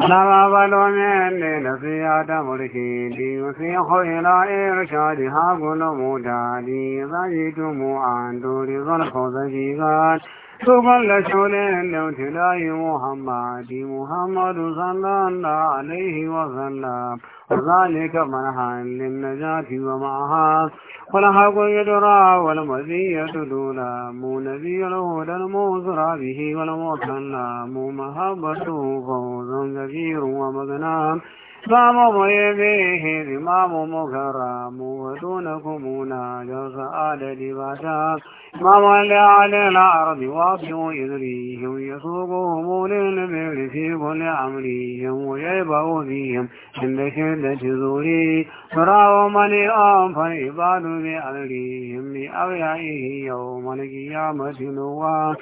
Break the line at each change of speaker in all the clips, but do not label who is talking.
على بلومين لنصيحة مرشدي وصيح إلى إرشادها قل مدادي ضجتم عن دور ظرف ضجيغات Tuban shaunin lautulayi Muhammadi Muhammadu sallallahu alaihi wa sallam وذلك منحا للنجاة ومعها والحق يدرى والمزية دولام نذيره للموزر به والموت اللام محبته فوز كبير ومغنام إمام ميبيه إمام مكرم ودونكم ناجز آل لبشاك إمام على الأرض واضع إذريهم يسوقهم للبر في كل أمرهم ويبع فيهم عند شدة ذوري فراو مليئهم فالعباد بأمرهم لأغيائه يوم القيامة نواه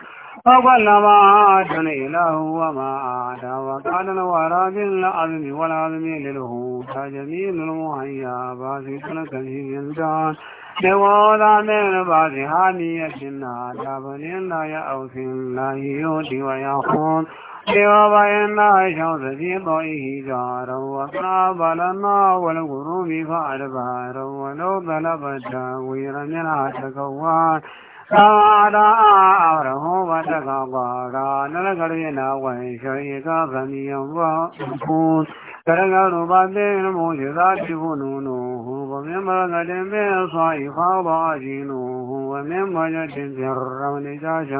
فقل ما عاد إله وما عاد وقال الورى بالعظم والعظم للهوت جميل المهيا باسط كثير الجان لوضع من بعض حامية عذاب لله يأوف الله يؤتي ويخون لوضعنا الشمس في ضوئه جارا وقرب لنا والغروب فأدبارا ولو بلغ التاوير منها تكوان သာရာရဟောဝတ္တကပါရာနရကရိနာဝံရှိကဗမိယံဘောဘုကရကရူပတေမောယသာတိဘုနုနုဟူဗမေမရကတေမေသွာဤဟောဘာဇိနုဟူဝမေမယတေပြရမနိဇာချံ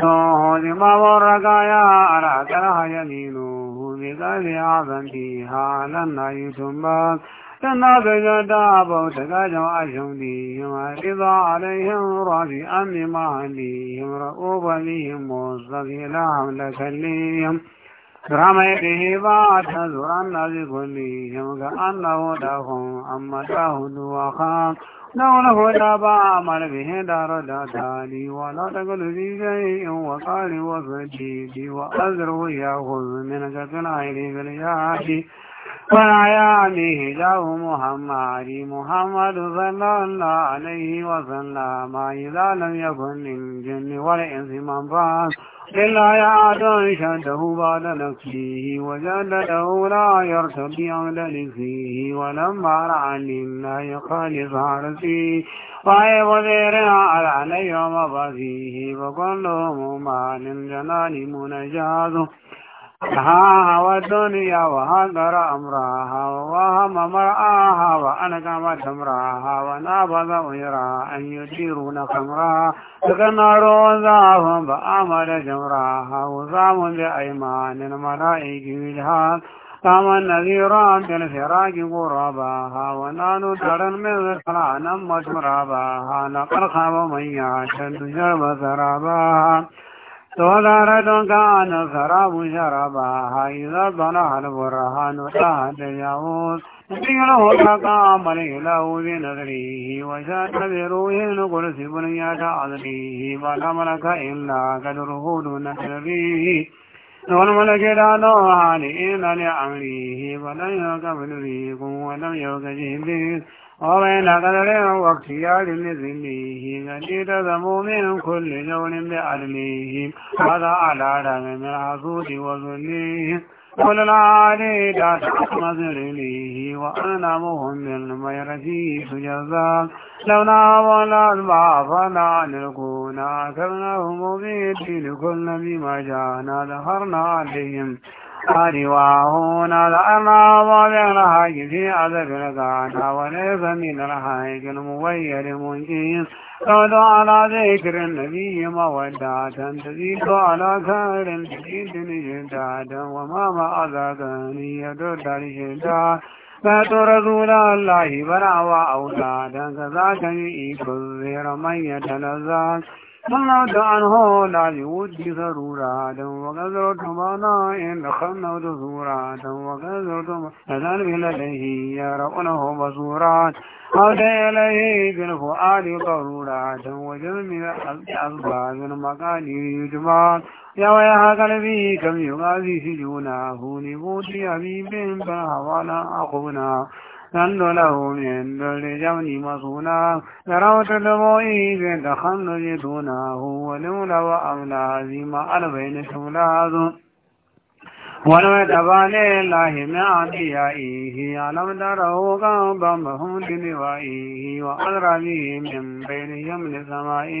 သောဒီမဘောရကယအရကရဟယမိနုဟူဒီကလေအာသံတိဟာလန္နာယုသမ္မာသနာကဇတာဘုံတကားကြောင့်အယုံတိယမတိသောအရိယံရာဇိအမြမဟန်တိယမရဩဘမိယမောသကိလာလခလိယံဂရမေတိဟိဘာသဇရဏာဇိကုလိယမကအနဟောတဟံအမတဟုနဝခာနောနဟောတဘာမရဝိဟန္တာရတသာဒီဝလာတကလူဇိကေယံဝကာလိဝသတိဒီဝအဇရဝယဟုမေနကကနာဟိရိကလယာတိ وعيانه له محمد محمد صلى الله عليه وسلم إذا لم يكن من للجن والإنس من فاس إلا يعد شده بعد نفسه وجدده لا يرتدي عند نفسه ولما رأى لله خالص عرسي وعيب ذيرها على عليه ومفاسيه فكلهم مال الجلال منجازه ها والدنيا وهدر أمرها وهم مرآها وأنقمت امرأها ونابض ويرها أن يديرون خمرها تكنر وذاهم بأمر جمرها وزام بأيمان الملائك بالهاد قام النذير بالفراق غرابها ونال ترى المذكرى نمت مرابها لقد خاب من يعتد شرب سرابها သောရတောကာနသရဝုရရပါဟာယသဗနာဟနဝရဟနသတယဝု
သင်္ကရောဟ
ကာမရိလဝိနသရိဝဇာတပြေရောယေနကုရစီပဏိယတာအသတိဘာသမရခအင်္လာကတရဟုဒုနသရိ nuwan mana gida no قل علي لا تحمد إليه وأنا مهم ميرتي سجزان لولا ولا البعض لا نكون أكرناهم بيدي لكل بما جاءنا ظهرنا عليهم ورواهون الأنام بالحج في عذب الغانا وليس من الحج المغير منجيز رد على ذكر النبي مودعة تزيد على خير تزيد جدادا وما مع ذاك يدد الجداد فات رسول الله بلا وأولادا كذاك يؤيك الزير من يتلذذ فمنعت عنه لا لودي ضرورة وكثرت بناء دخلنا دثورة وكثرت نزل بلديه يرونه بصورات عود إليه بالفؤاد ضرورة وجلم أسباب المقادير يجمعات يا ويح قلبي كم يغازي سجونه لبوت حبيب فالحوالا أخونا သန္တောလဟုမြင်တော်လေကြောင့်ညီမဆိုနာသရောတတမောဤပင်တခံလို့ရသူနာဟူဝနုလဝအမလာဇီမအလဘိနေသုလာသုဝရဝတဘာနေလာဟိမအတိယဤဟိယလမတရောကံဗမဟုတိနေဝဤဝအရရာမိမြံပေနိယမနိသမာဤ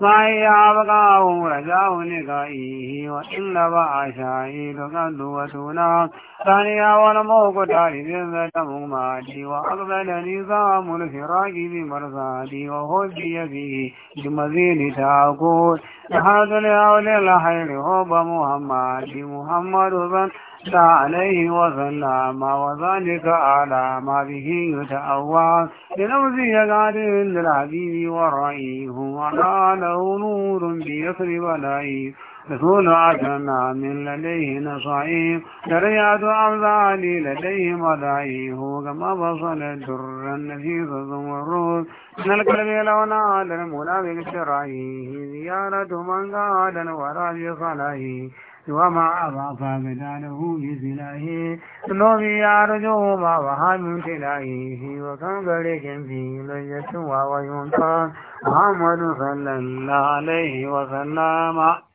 فأيابقاهم رجاه لقائه وإن بعشائي تقد وتنا ثانيا والموق تعرف ذات مغماتي وأقبل نظام الفراق بمرصادي وهدي فيه بمزيد تعقول نحاس لأولي الحير هو محمد محمد بن أثنى عليه وسلم وذلك على ما به يتأوى لنوزي العدل للحبيب ورأيه وما له نور بيسر لئيم يكون عدنا من لديه نصعيم دريعة أبدالي لديه مدعيه كما بصل الدر النفيس ثم الروس من الكلب لو نال المنافق شرعيه زيارة من قال ولا صلعيه وما أضاف بدانه بسلاحه نوبي أرجوهما وهم تلائه وكم قلق فيه لجة وينطى محمد صلى الله عليه وسلم